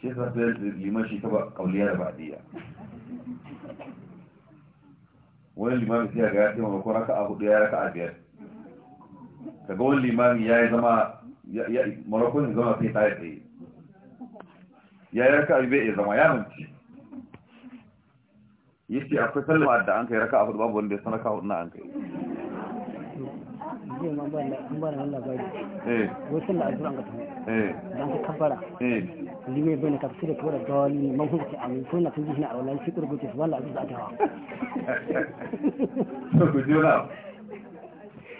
shi sa da liman shi kaba kauliya da ba'diya wani limami sai ga ya taimaka raka a hudu ya raka a biyar ga wani limami ya yi zama marakon zama sai ta yi tsaye ya yi raka a biyar ya zama ya manci ya ce akwai sallama da an kai raka a hudu babu wanda ya sana hudu na an kai jiya ma ba na labari eh. wasu la'azur an ka tafi بعد إيه. كبرة إيه. اللي ما بين كبسيرة كبرة قال ما هو عم يكون في جهنا ولا يفكر قلت ولا عزيز أجرا كجولا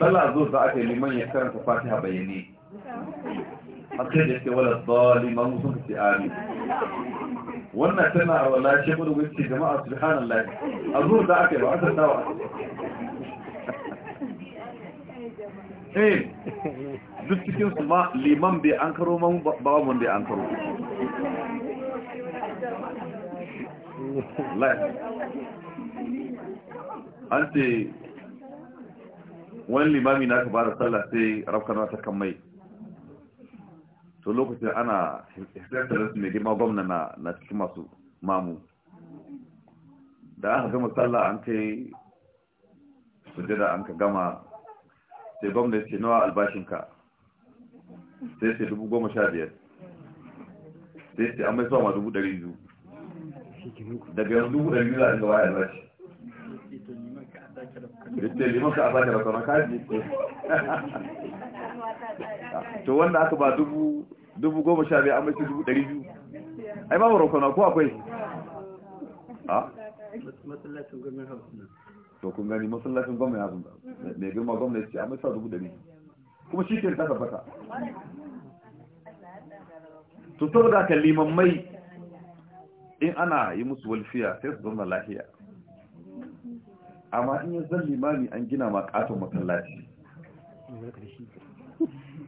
طلع زوز بعد لمن يكرم فاتحة بيني أكيد يكتب ولا الضال ما هو صوت آمين wannan tana a wala shi gudu wuce jama'a subhanallah azur da ake ba asar dawa eh duk cikin su ma liman bai an karo man babu wanda ya an karo an ce wani limami na ka da tsalla sai rafkanuwa ta kan mai to lokacin ana hisarar su mai girma gwamna na cikin masu mamu da aka gama tsalla an kai sujada an ka gama sai gwamna ya ce nawa albashinka sai sai dubu goma sha biyar sai sai an mai sama dubu dari biyu daga yanzu dubu dari biyu za a inda waya shi yadda liman ka a baka da sauran kaji to wanda aka ba dubu dubu goma sha biyar an mai dubu dari biyu ai babu rokona ko akwai a to kun gani masallacin gwamnati mai girma gwamnati ce an mai sa dubu dari. biyu kuma shi ke ta tabbata to saboda ka limammai in ana yi musu walfiya sai su zama lahiya amma in ya zan limami an gina ma katon masallaci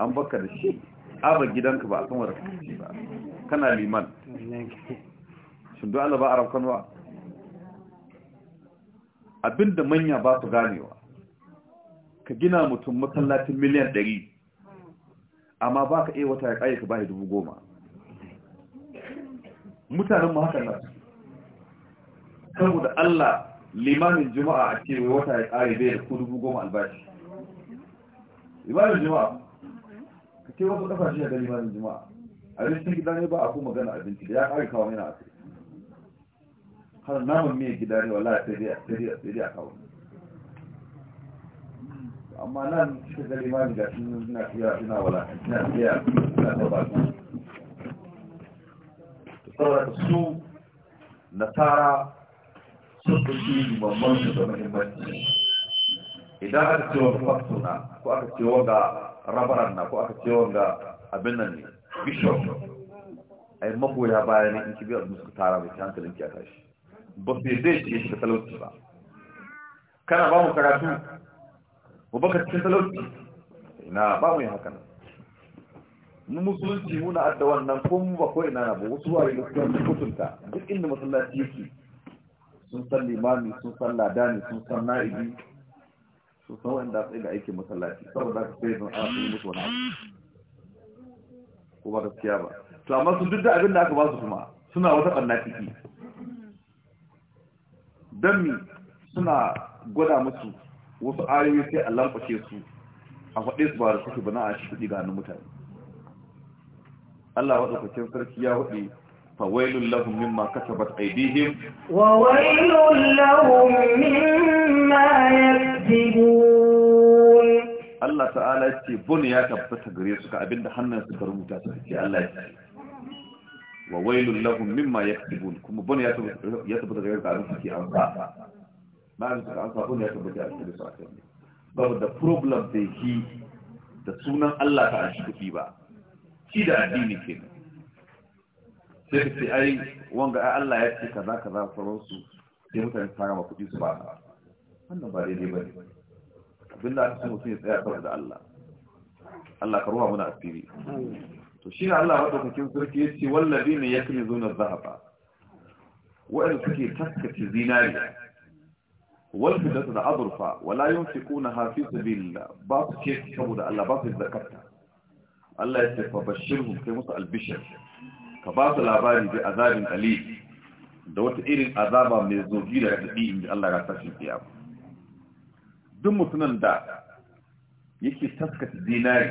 an baka da shi aba gidanka ba a san wadda kashi ba kana liman shindu ala ba a rafkanwa abinda manya ba su ganewa ka gina mutum masallacin miliyan ɗari amma ba ka iya wata ya ƙayyaka ba dubu goma mutanen ma hakan nan saboda Allah limanin juma'a a ce wata ya ƙare bai da ko dubu goma albashi limanin juma'a ka ce wasu ƙasashe da limanin juma'a yi gida ne ba a ku magana abinci da ya ƙari kawo na asiri har naman mai gidane ne sai dai a kawo amma nan shi da limani ga shi na tsira suna wala suna tsira suna ta baki saboda su nasara sun ɗauki mamman su da muhimmanci idan aka ce wani na, ko aka ce wanga rabaran na ko aka ce wanga abin nan ne bishop a yi magoya baya ne in kibiyar da suka tara mai hankalin ki a tashi ba su zai ce shiga talauci ba kana ba mu karatu baka cikin talauci na ba mu yi haka nan mu musulunci muna adda wannan ko mu ba ko ina na ba wasu wari da suka mutunta duk inda masallaci yake sun san limami sun san ladani sun san na'ibi sun san wanda tsaye da aikin masallaci saboda ka sai zan ana musu wani abu ko ba gaskiya ba to amma su duk da abin da aka ba su kuma suna wata ɓanna ciki don mi suna gwada musu wasu ariyoyi sai a lamfashe su a faɗe su ba da suke ba na a shiɗi ganin mutane Allah waɗa kwakin sarki ya waɗe fawailun lahun min ma kasa ba ta aibihim wawailun lahun min ma ya Allah ta'ala ce bun ya tabbata gare suka abinda hannun su bar muta su ce Allah ya wa wailun lahum mimma yakdibun kuma bun ya tabbata ya tabbata gare su abin suke amsa bayan da an sabon ya tabbata a cikin sa'adar ne Babu da problem da shi da sunan Allah ta an shi kuɗi ba shi da addini ke sai ka ce ai wanga ai Allah ya ce kaza kaza sauransu sai mutane su fara ma kuɗi su ba wannan ba daidai ba ne abin da aka san mutum ya tsaya kawai da Allah Allah ka ruwa muna asiri to shi ne Allah maɗaukakin sarki ya ce wallabi ne ya kini zo na zahaba waɗanda suke taskace zinariya wani fitarsa da aburfa, wala yin fi kuna hafi su billa ba su ke saboda Allah ba su yi zakarta Allah ya ce fa bashir kai musu albishir ka ba su labari da azabin ali da wata irin azaba mai zogi da raɗaɗi inda Allah ya sashi biya ba duk mutumin da yake taskata zinari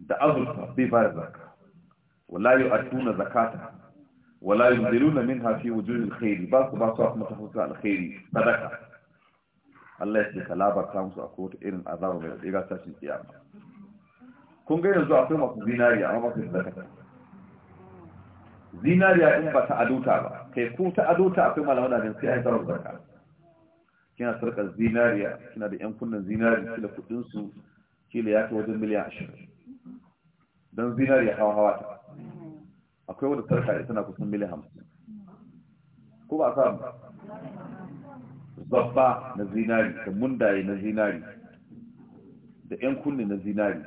da aburfa zai ba da zaka wala yi a tuna zakata wala yunziluna minha fi wujuhil khair ba su ba su kuma tafuka alkhairi sadaka Allah ya tsaka labarta musu akwai wata irin azaba mai tsira tashin kiyama kun ga yanzu akwai masu zinariya amma ba su sadaka zinariya in ba ta aduta ba kai ko ta aduta akwai malaman da sai ai zarar zakka kina sarkar zinariya kina da yan kunnan zinari kila kudin su kila ya kai wajen miliyan 20 dan zinariya hawa hawa ta akwai wadda sarka da tana kusan mili hamsin ko ba samu babba na zinari da mundaye na zinari da 'yan kunne na zinari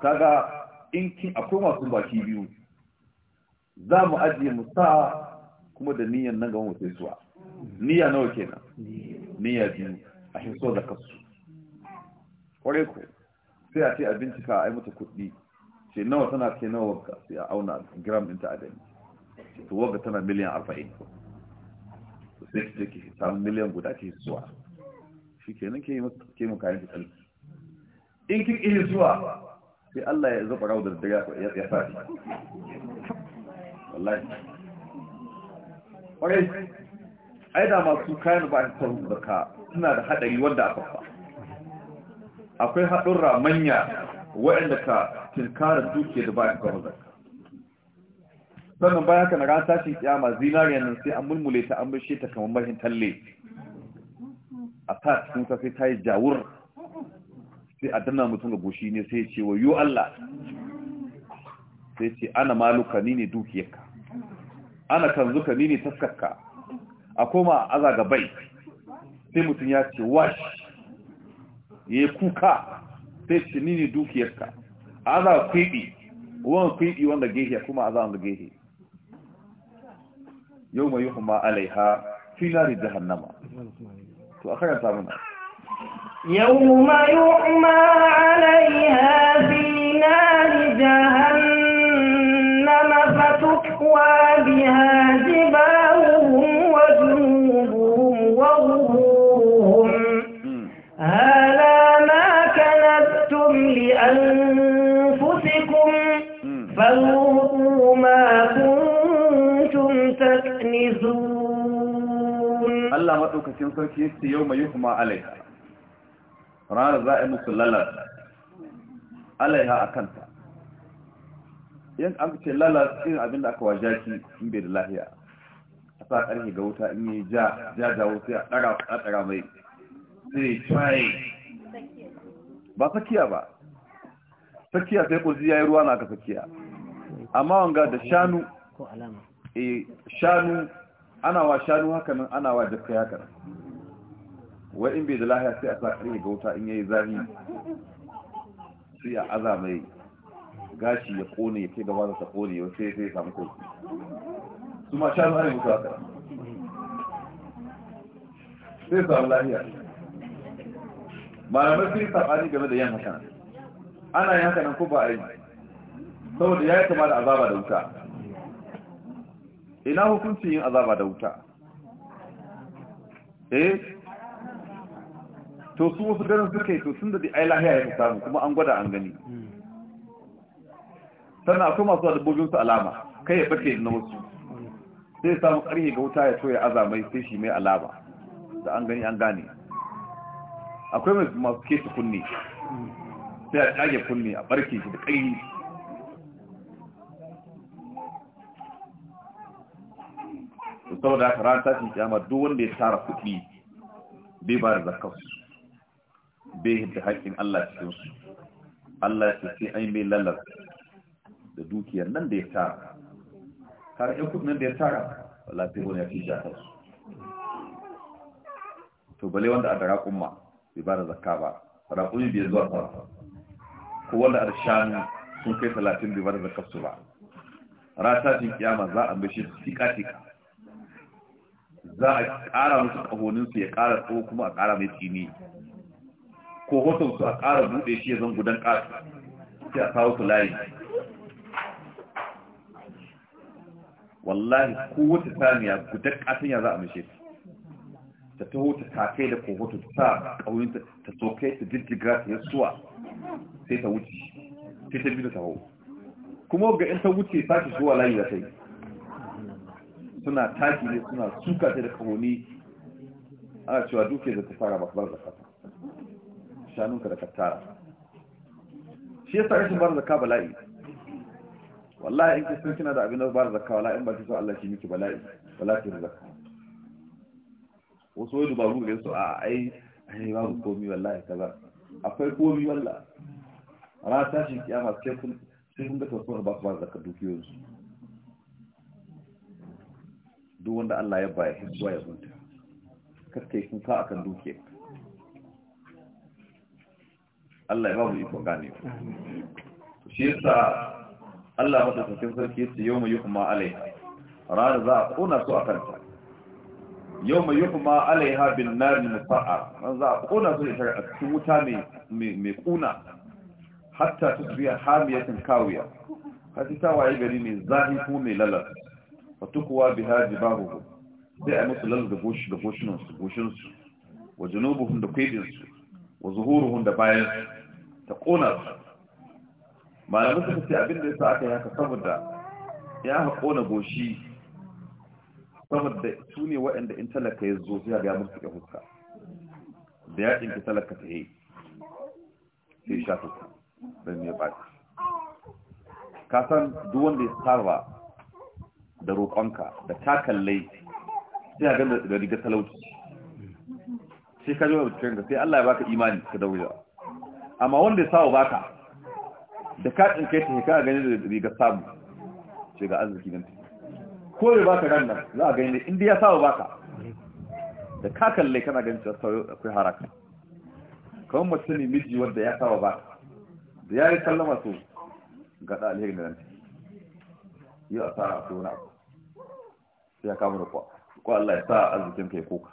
kaga in kin akwai masu baki biyu za mu ajiye mu sa kuma da niyan nan gaba mu suwa niyya nawa kenan niyya biyu a hiso da kasu kwarai ku sai a ce a bincika a yi mata kuɗi ce nawa tana ce nawa wagga sai a auna gram din ta adani? to wagga tana miliyan 40 to sai ki ke samun miliyan guda ki zuwa shi kenan ke mu kayan ki tsarki in kin iya zuwa sai Allah ya zuba ra'udar da ya ya sa wallahi ƙwarai ai da masu kayan ba a da ka suna da haɗari wanda a fafa akwai haɗurra manya waɗanda ka tinkarar dukiyar da ba ya kawo zakka sannan bayan ka na ran sashen kiyama zinariya nan sai an mulmule ta an bishe ta kamar mahin talle a sa cikin sai ta yi jawur sai a danna mutum ga goshi ne sai ce wa yi Allah sai ce ana maluka ni ne dukiyarka ana zuka ni ne taskarka a koma a aza bai sai mutum ya ce wash ya kuka sai ce ni ne dukiyarka aza kwiɓi wani kwiɓi wanda gehe kuma aza wanda gehe yau mai yuhuma alaiha finari jahannama to a karanta muna yau mai yuhuma alaiha finari jahannama fatukwa biya jibar cikin sarki ya ce yau mai yuhuma alaiha ranar za a yi musu lalata alaiha a kanta yin an ce lalata irin abin da aka waje jaki in bai da lahiya a sa ƙarfi ga wuta in yi ja ja sai a ɗara mai sai try ba sakiya ba sakiya sai ku ya yi ruwa na ka sakiya amma wanga da shanu eh, shanu ana wa shanu haka nan ana wa daska haka nan wa in bai da lahiya sai a sa ƙarfe ga wuta in yayi zafi sai a aza mai gashi ya kone ya kai gaba da ta kone wa sai sai ya samu kofi su ma shanu ana mutu haka sai samu lahiya malamai sun yi saɓani game da yan haka ana yin haka nan ko ba a yi saboda ya yi kama da azaba da wuta ina hukuncin yin azaba da wuta eh to su wasu ganin suka yi to sun da ai lahiya ya samu kuma an gwada an gani sannan akwai masu su alama kai ya bace na wasu sai ya samu ƙarfi ga wuta ya so ya azamai sai shi mai alama da an gani an gane akwai masu kesa kunne sai a tsage kunne a barke shi da ƙarfi saboda haka ran tashin kiyama duk wanda ya tara kuɗi bai ba da zakar su bai hidda haƙƙin Allah cikin su Allah ya ce ai mai lalar da dukiyar nan da ya tara har ɗan kuɗi nan da ya tara wala sai wani ya fi jata su to bale wanda a da raƙumma bai ba da zakka ba raƙumi bai zuwa sa ko wanda a shanu sun kai talatin bai ba da zakar su ba ran tashin kiyama za a mashi su tika tika za a ƙara musu ƙahoninsu ya ƙara tsohon kuma a ƙara mai tsini ko hotonsu a ƙara buɗe shi ya zan gudan ƙasa sai a kawo su layi wallahi ko wata saniya gudan ƙasan ya za a mace ta taho ta take da kohoto ta sa ƙauyinta ta soke ta jirgiga ta suwa sai ta wuce sai ta bi da taho kuma ga in ta wuce sake zuwa layi da ta yi suna taki ne suna suka ta da kamoni ana cewa duke da ta fara bakabar zakata shanunka da kattara shi yasa rashin bar zakka bala'i wallahi in kisan kina da abin da bar zakka wallahi in ba ki so Allah shi miki bala'i wallahi ki zakka wasu wani babu gare su a ai ai babu komi wallahi kaza akwai komi wallahi ra tashin kiyama sai kun sai kun ga tsoron ba su bar zakka dukiyoyinsu duk wanda Allah ya baya hizwa ya huta karkai kuka akan duke Allah ya ba mu iko gane shi yasa Allah madaukakin sarki yace mai yukuma alai Rana za a kona su akan ta yukuma alai ha bin nar min fa'a ran za a kona su a cikin wuta mai mai kuna hatta tusbiya hamiyatan kawiya hatta ta waye gari ne zahi ku mai lalata fatukuwa biha jibahuhum sai a musu lalu da goshinsu wa junubuhum da kwaibinsu wa zuhuruhum da bayansu ta ƙona su malamin suka ce abin da ya sa aka yi haka saboda ya ha goshi saboda su ne waɗanda in talaka ya zo sai ga musu ka fuska da ya ɗinka talaka ta yi sai sha fuska don ya ɓaci ka san duk wanda ya saba da roƙonka da takallai sai ga da riga talauci sai ka jiwa cikin ka sai Allah ya baka imani ka daure amma wanda ya sawo baka da ka kai ta ka gani da riga samu ce ga arziki nan ko bai baka ran nan za a gani inda ya sawo baka da ka kalle kana ganin cewa akwai haraka kamar mutum ne miji wanda ya saba baka. da ya yi sallama su ga da alheri da nan yau a tsara a wani abu sai ya kama da ko Allah ya sa arzikin kai koka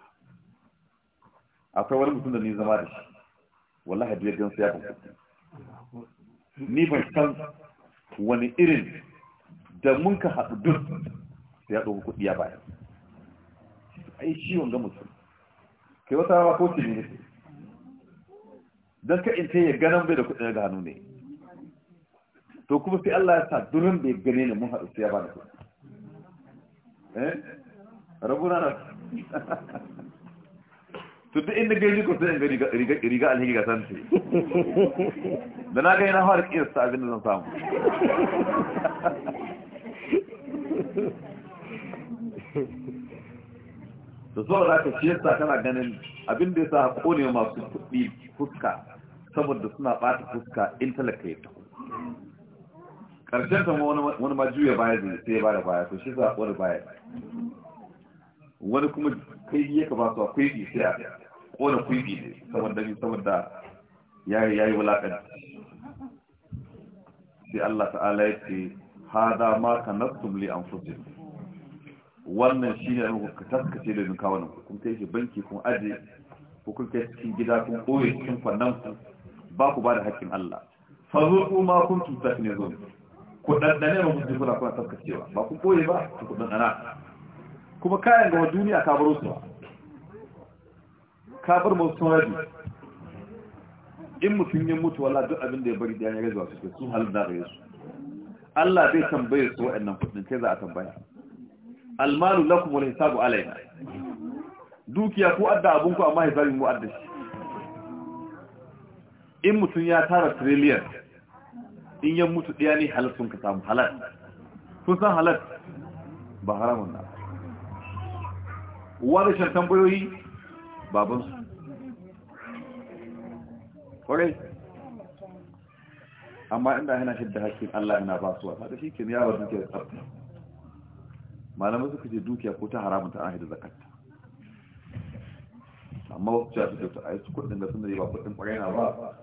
akwai wani mutum da ni zama da shi wallahi biyar gan ya kuka ni ban san wani irin da mun ka haɗu duk sai ya ɗauki kuɗi ya bayar ai shi wanga mutum kai wata rawa ko cikin yake don ka in ya ganan bai da kuɗin ga hannu ne to kuma sai Allah ya sa durin bai gane ne mun haɗu sai ya bani kuɗi Eh? rabu rana inda gari ko sai gari riga alhiki ga san ce da na gani na fara kiyasta abin da zan samu da zuwa za ka sa kana ganin abin da ya sa kone masu kuɗi fuska saboda suna ɓata fuska in ya karshen kama wani ma juya baya zai sai ba da baya to shi za baya wani kuma kai biye ka ba su a bi sai a kona kuibi ne saboda bi saboda ya yi wulaƙanci sai Allah ta'ala ya ce hada ma ka naftum li anfusin wannan shi ne ka taskace da nuka wannan kun kai shi banki kun aje kun kai cikin gida kun koye cikin fannan ku ba ku ba da haƙƙin Allah fazuku ma ne tasnizun ku ɗanɗane ba mun jikula kuna taskacewa ba ku koye ba ku ku ɗanɗana kuma kayan gama duniya ka baro su ba ka bar masu rabi in mutum ya mutu wala duk abin da ya bari da ya gaza su sun halin da ya su Allah bai tambaye su waɗannan kudin kai za a tambaya almalu lakum wal hisabu alaina dukiya ko adda abun ku amma hisabin mu adda shi in mutum ya tara trillion in yan mutu ɗaya ne halar sun ka samu halal sun san halal ba haramun na uwa da shan tambayoyi babansu kwarai amma inda yana shidda hakkin Allah ina ba su wata da shi ke duke da tsarki malamai suka ce dukiya ko ta haramun ta ahida zakatta amma wasu su da ta aiki kudin da sun da yi ba kudin kwarai na ba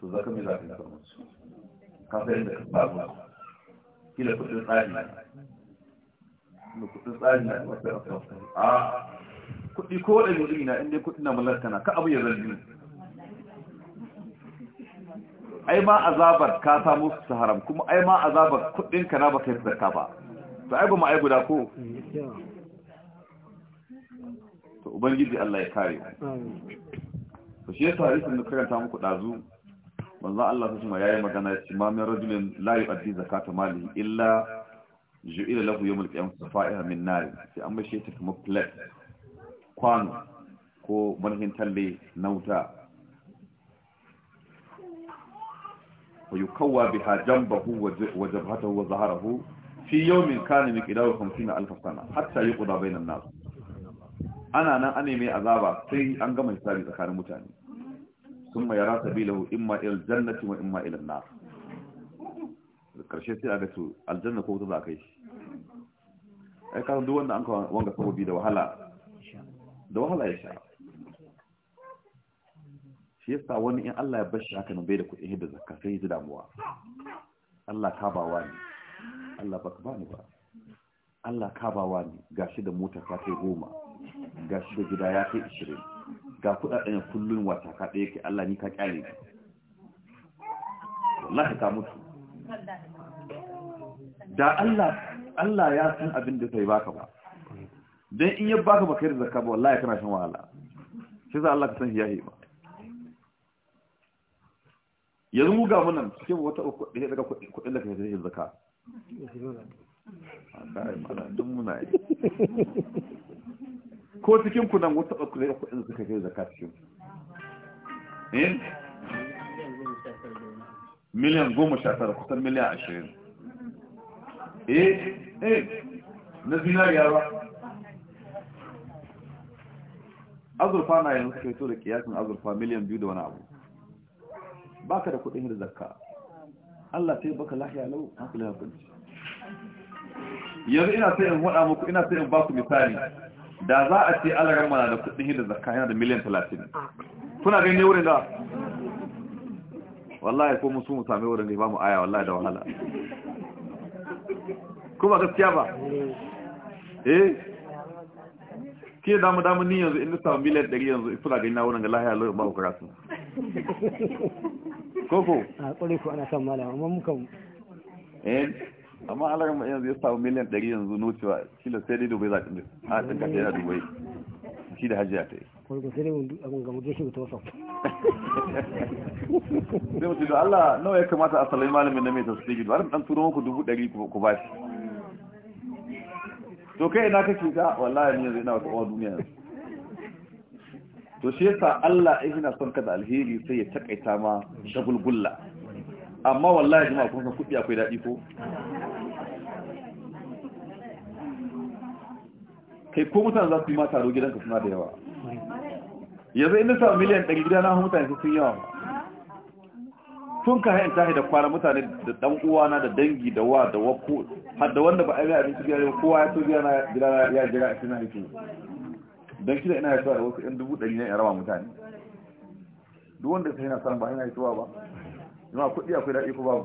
to zaka mai zafin sarmasu kafin da kila kudin tsari kudin ko da na inda kuɗi na ka abu ya zargi ai ma azabar ka samu su haram kuma ai ma azabar ka na baka yi zarka ba to ai ai guda ko to ubangiji Allah ya kare to shi yasa da karanta muku dazu manzo Allah su kuma yayi magana ya ce ma min rajulin la yu'addi zakata mali illa ju'ila lahu yawm al-qiyamah safa'iha min nar sai an bashe ta kuma plate kwano ko manhin talle na wuta wa yukawwa biha jambahu wa jabhatahu wa zaharahu fi yawmin kana miqdaru 50000 sana hatta yuqda bainan nas ana nan ane mai azaba sai an gama hisabi tsakanin mutane ثم يرى سبيله إما إلى الجنة وإما إلى النار karshe sai a gasu, aljanna ko ta za kai shi ai kan duk wanda an ka wanga sabobi da wahala da wahala ya sha shi yasa wani in Allah ya bashi haka nan bai da kuɗin hidda zakka sai ya damuwa Allah ka ba wani Allah ka ba ni ba Allah ka ba wani gashi da mota ta kai goma gashi da gida ya kai ishirin. ga kudaden kullun wata ka ɗaya ke Allah ni ka kyale ka wallahi ka mutu da Allah Allah ya san abin da sai baka ba dan in ya baka baka da zakka ba wallahi kana shan wahala sai za Allah ka san hiyahi ba yanzu mu ga munan cikin wata uku da daga kudin da kai da zakka dun muna yi ko cikin ku nan wata ba ku zai kuɗin suka kai zakka cikin eh? miliyan goma sha tara kusan miliyan ashirin eh eh na zinariya ba azurfa na yanzu suka fito da kiyasin azurfa miliyan biyu da wani abu ba ka da kuɗin da zakka Allah sai baka lahiya lau hankali hankali yanzu ina sai in waɗa muku ina sai in ba ku misali da za a ce alaran mana da kudin hidda zakka yana da miliyan talatin kuna gani wurin da wallahi ko musu mu sami wurin da ba mu aya wallahi da wahala kuma gaskiya ba eh ke damu damu ni yanzu inda samu miliyan ɗari yanzu kuna gani na wurin ga lahiya lura ba ku karatu koko a kore ku ana san malama amma muka eh amma alaƙar mai yanzu ya samu miliyan ɗari yanzu nocewa shi da sai dai dubai za ɗin a ɗin ka yana dubai shi da hajiya ta yi kwanko sai dai abin ga muke shiga ta wasan zai mutu da allah nawa ya kamata a salai malamin na mai tasiri ba ɗan turo muku dubu ɗari ku ba shi to kai na kake ka wallahi ni yanzu ina wata ƙwa duniya yanzu to shi yasa allah in yana son ka da alheri sai ya takaita ma shagulgulla amma wallahi jama'a kun san kuɗi akwai daɗi ko kai ko mutane za su yi ma taro gidanka suna da yawa yanzu inda samu miliyan ɗari gida na mutane sun yawa tun ka hain tahi da kwana mutane da ɗan uwana da dangi da wa da wako har da wanda ba a yi abinci gida ne kowa ya so gida na gida na ya jira a cikin haifu don da ina haifuwa da wasu yan dubu ɗari ne ya rawa mutane duk wanda sai yana samun ba yana haifuwa ba jama'a kuɗi akwai daɗi ko babu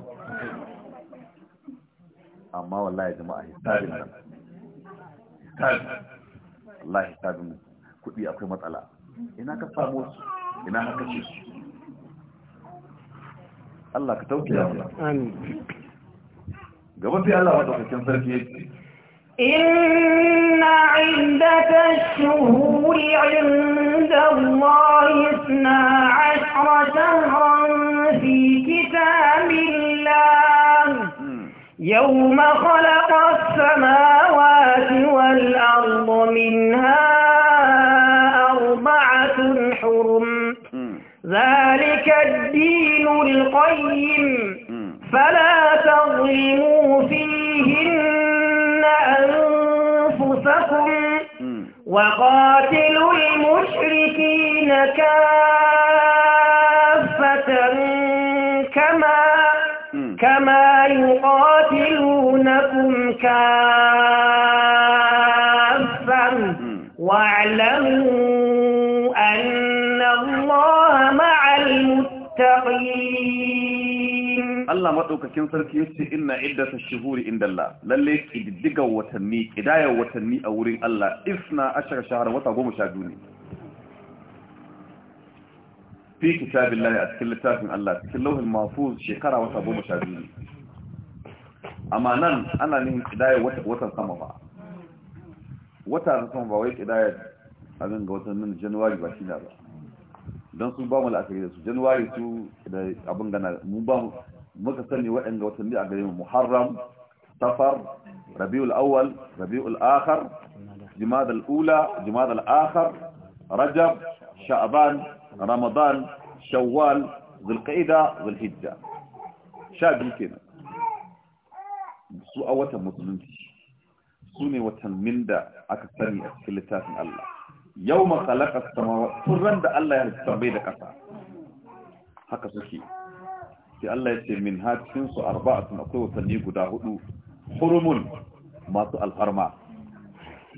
amma wallahi jama'a hisabin nan Allah hisabin kuɗi akwai matsala ina ka samu su ina haka ce su Allah ka tauke ya wula gaba sai Allah madaukakin sarki ya ce إن عدة الشهور عند الله اثنا عشر شهرا في كتاب يوم خلق السماوات والأرض منها أربعة حرم ذلك الدين القيم فلا تظلموا فيهن أنفسكم وقاتلوا المشركين كافة كما كما يقاتل يعلمونكم كافا واعلموا أن الله مع المتقين الله مدوك كن سرك يسي إن عدة الشهور عند الله لليك إددقى وتنمي إداية وتنمي أورين الله إثنى أشهر شهر وتقوم مشاهدوني في كتاب الله أتكلم الله تكلوه المحفوظ شكرا وتقوم شهدوني amma nan ana yin kidaya watan sama ba watan sama ba wai kidaya abin ga watan nan januwari ba shi da ba don su ba mu la'akari da su januwari su da abin gana mu ba muka sani waɗanda watanni a gare mu muharram safar rabiul awwal rabiul akhar jumad al-ula jumad al-akhar rajab sha'ban ramadan shawwal zulqa'ida zulhijja sha biyu kenan su a watan musulunci su ne watannin da aka sani a cikin littafin Allah yau makalaka samawa tun da Allah ya halitta bai da ƙasa haka suke sai Allah ya ce min ha cikin su arba'atun akwai watanni guda hudu hurumun masu alfarma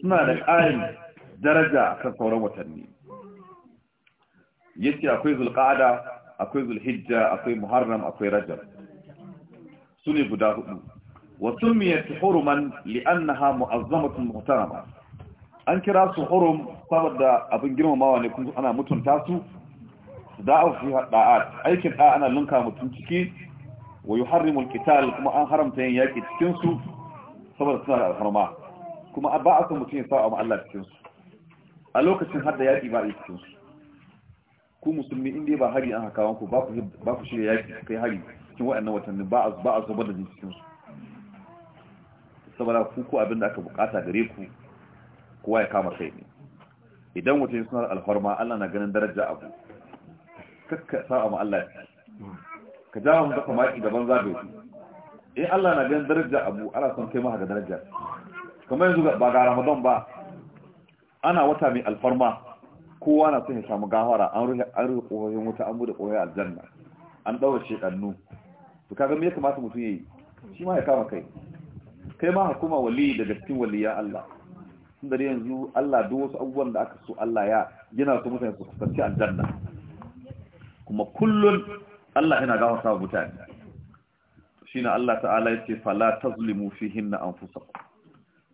suna da ƙarin daraja akan sauran watanni yace akwai zulqa'ada akwai zulhijja akwai muharram akwai rajab su ne guda hudu وسميت حرما لأنها مؤظمة محترمة an kira su hurum saboda abin girmamawa ne kuma ana mutunta su da da'a fi da'at aikin da'a ana lunka mutum ciki wa yuharrimu alqital kuma an haramta yin yaki cikin su saboda suna da alharma kuma ba a san mutum ya sa'a ma Allah cikin su a lokacin har da yaki ba a yi cikin su ku musulmi in dai ba hari an haka wanku ba ku ba ku shirya yaki kai hari cikin waɗannan watanni ba a ba a zubar da cikin su saboda ku ko abin da aka bukata gare ku kowa ya kama kai ne idan mutum suna alfarma Allah na ganin daraja abu kakka sa'a ma Allah ka ja mu dafa maki gaban zabe in Allah na ganin daraja abu ana son kai maka daraja kamar yanzu ba ga Ramadan ba ana wata mai alfarma kowa na son ya samu gahara, an rufe an rufe kohoyin wuta an bude kohoyin aljanna an dawo shekannu to kaga me ya kamata mutum yayi shi ma ya kama kai kai ma ka wali daga cikin waliya Allah tun da yanzu Allah duk wasu abubuwan da aka so Allah ya yana so mutane su kusanci aljanna kuma kullun Allah yana gafarta wa mutane shine Allah ta'ala yace fala tazlimu fihinna anfusakum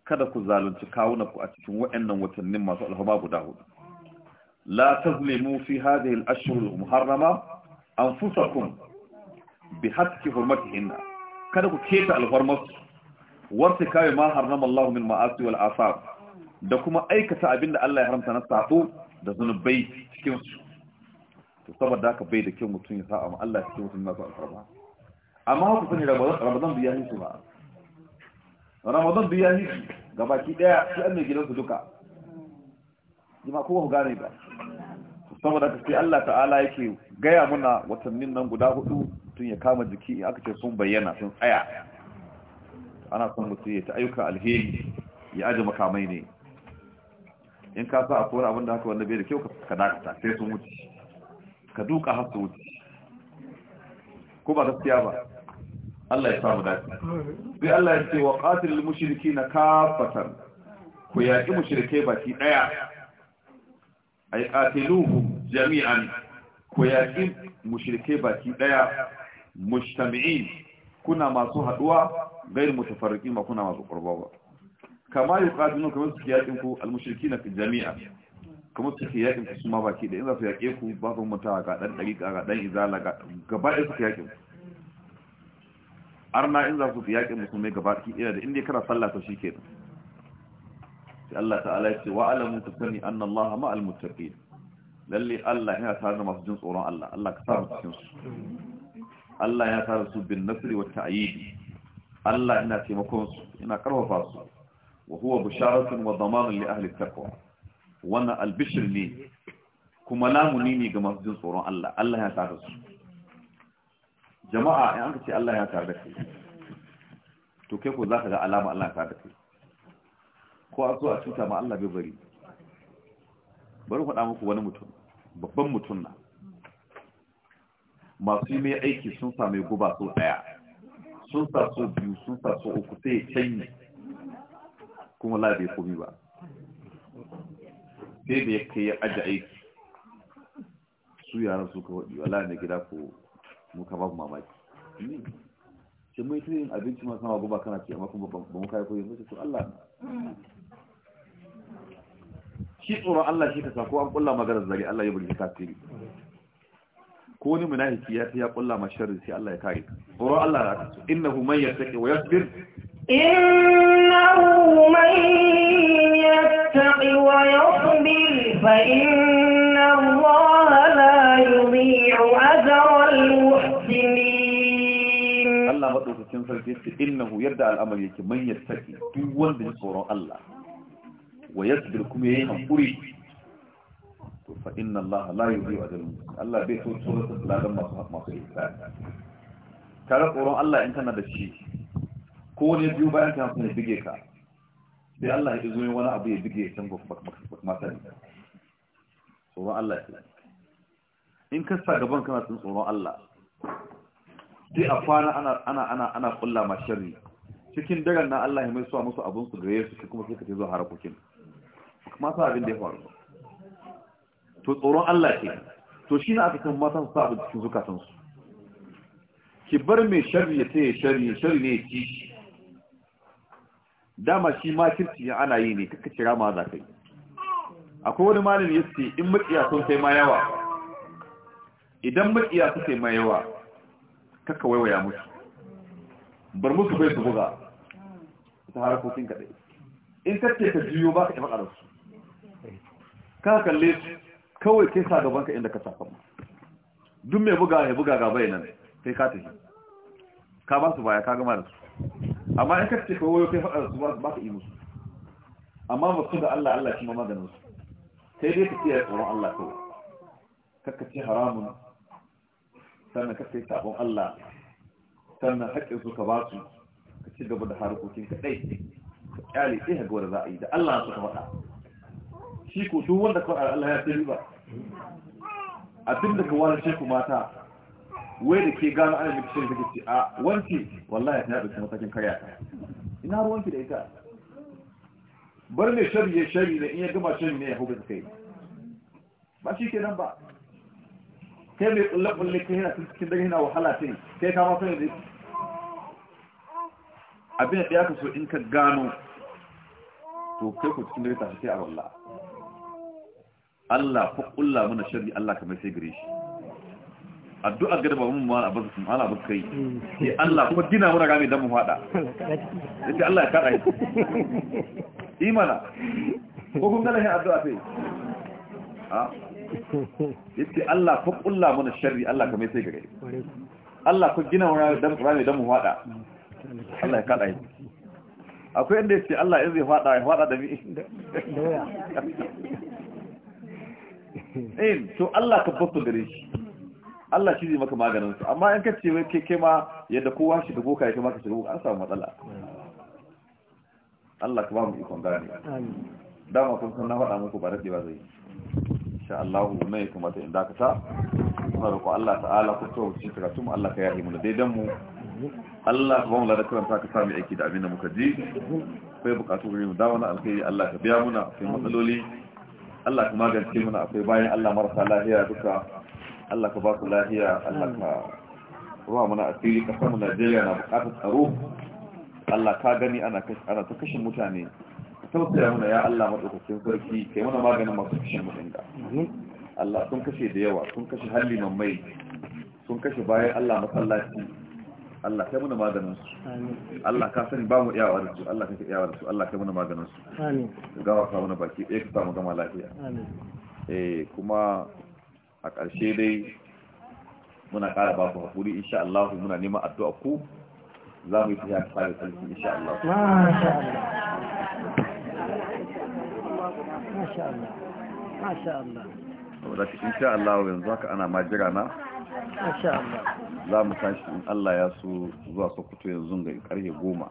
kada ku zalunci ku a cikin waɗannan watannin masu alhama guda hudu la tazlimu fi hadhihi al-ashhur al-muharrama anfusakum bi hakki hurmatihinna kada ku keta alhormarsu wasu kawai ma harnama Allah min ma'asi wal asar da kuma aikata abinda Allah ya haramta na sabo da zunubai cikin su to saboda haka bai da kyau mutum ya sa'a ma Allah cikin mutum na sa'a farba amma haka sani Ramadan biya nisu ba Ramadan biya nisu gabaki daya sai an gidan su duka jima kowa gane ba saboda haka sai Allah ta'ala yake gaya muna watannin nan guda hudu tun ya kama jiki in aka ce sun bayyana sun tsaya ana son mutum ya ta ayyuka alheri ya aji makamai ne in ka sa a kowar abin da haka wanda bai da kyau ka dakata sai sun wuce ka duka har su wuce ko ba gaskiya ba Allah ya samu dace sai Allah ya ce wa qatilul mushrikina kafatan ku yaki mushrike baki daya ay qatiluhu jami'an ku yaki mushrike baki daya mujtami'in kuna masu haduwa gairu mutafarriqin ba kuna masu qurba ba kama yuqadinu kamar su yakin ku almushrikina jami'a kuma su yakin ku kuma baki da in za su yake ku ba su mutawa ga dan dariqa ga dan izala ga gaba ɗaya su yakin arna in za su yakin musulmai gaba ki ɗaya da inda kana sallah to shikenan sai Allah ta'ala ya ce wa alamu tasani anna Allah ma'al muttaqin lalle Allah yana tare da masu jin tsoron Allah Allah sa su Allah ya su bin Allah ina taimakon su ina karfafa su wa huwa bisharatun wa damanun li ahli taqwa wannan albishir ne kuma lamuni ne ga masu jin tsoron Allah Allah ya tare su jama'a in aka ce Allah ya tare da kai to kai ko zaka ga alama Allah ya tare da kai ko a zo a cuta ma Allah bai bari bari faɗa muku wani mutum babban mutum na masu yi mai aiki sun same guba sau ɗaya sun sa so biyu sun sa so uku sai ya canyi kuma labe bai komi ba sai da ya kai ya aji aiki su yaran ka waɗi wala na gida ko muka babu mamaki sai mai tuyin abinci masu hawa guba kana ce amma kuma ba muka kai koyi mutu su Allah shi tsoron Allah shi ka sa ko an kulla maganar zari Allah ya bari tasiri ko ni munafiki ya ya kulla ma sharri sai Allah ya kare ka ko Allah ya kace innahu man yattaqi wa yasbir innahu man yattaqi wa yasbir fa inna Allah la yudhi'u ajra al-muhsinin Allah madaukakin sarki ce innahu yadda al'amari yake man yattaqi duk wanda ya tsoron Allah wa yasbir kuma yayi hankuri to fa inna Allah la yudhi'u ajra al-muhsinin Allah bai so su da masu masu ihsan kare tsoron Allah in kana da shi ko ne biyu bayan ka sun bige ka sai Allah ya zo wani abu ya bige can ba ma sani tsoron Allah ya in ka sa gaban kana sun tsoron Allah sai a fara ana ana ana ana kulla ma sharri cikin daren na Allah ya mai suwa musu abun su gare su kuma sai ka ce zo harakokin kuma sa abin da ya faru to tsoron Allah ce to shi na aka san matan su sa abin cikin zukatansu ki bar mai shari ya ce shari shari ne ci dama shi ma kirci ana yi ne kaka kira ma za ka yi. akwai wani malin ya ce in matsiya sun kai ma yawa idan matsiya sun kai ma yawa kaka waiwaya musu bar musu bai su buga ta harakokin kaɗai in kacce ka jiyo ba ka ƙi ƙararsu ka kalle su kawai kai sa gaban ka inda ka safa duk mai buga mai buga gaba yana kai ka tafi ka ba su baya ka gama da su amma in ka ce kawai kai faɗa su ba ka yi musu amma ba su da Allah Allah shi ma maganin su sai dai ka ce ya tsoron Allah kawai ka ce haramun sannan ka kai sabon Allah sannan haƙƙin su ka ba su ka ci gaba da harkokin ka ɗai ka ƙyale sai ga wanda za a yi da Allah su ka faɗa shi ko duk wanda ka Allah ya ce a duk da ka wani ku mata wai da ke gano ana miki shirin kake ce a wanki wallahi ta dauki matakin karya ina wanki da ita bar mai shari ya shari da in ya gama shari ne ya hau ta kai ba shi ke nan ba kai mai kullum kulle kai yana cikin dare yana wahala sai kai ka ma sani da abin da ya kaso in ka gano to kai ku cikin dare ta sai a wallahi Allah fa kulla mana sharri Allah kamar sai gare shi addu'a ga babu mun mala abu sun ala abuka kai sai Allah kuma gina mana mai dan mu fada sai Allah ya kada yi imana ko kun ga lahi addu'a sai ha sai Allah fa kulla mana sharri Allah kamar sai gare Allah ku gina mana dan rame dan mu fada Allah ya kada yi akwai inda yace Allah in zai fada ya fada da mi da waya in eh, to Allah ka babba gare shi Allah shi zai maka maganin su amma in ka ce wai kai ma yadda kowa shi da boka ya kuma ka shiga boka an samu matsala Allah ka ba mu ikon gane dama kun san na faɗa muku ba rade ba zai insha Allah ne ya kamata in dakata muna roƙo Allah ta'ala ku to shi ka tuma Allah ka yahi mu daidan mu Allah ka ba mu ladan karanta ka sami aiki da abin da muka ji sai bukatu mu da wani alkhairi Allah ka biya muna sai matsaloli Allah ka magance mana akwai bayan Allah marasa lahiya duka Allah ka ba su lahiya Allah ka ruwa mana asiri kasar mu Najeriya na bukatar tsaro Allah ka gani ana ta kashin mutane tausaya mana ya Allah madaukakin sarki kai mana maganin masu kashin mutane Allah sun kashe da yawa sun kashe hallinan mai sun kashe bayan Allah masallaci Allah kai muna maganin su Allah ka sani ba mu iyawar da su Allah kake iyawa da su Allah kai muna maganin su amin gawa ka muna baki ɗaya ka samu gama lafiya amin eh kuma a ƙarshe dai muna ƙara ba ku hakuri insha Allah muna nema addu'a ku za mu yi tafiya ta fara sarki insha Allah masha Allah masha Allah masha Allah saboda insha Allah yanzu haka ana majira na masha Allah za mu tashi in Allah ya so zuwa Sokoto yanzu ga karfe goma.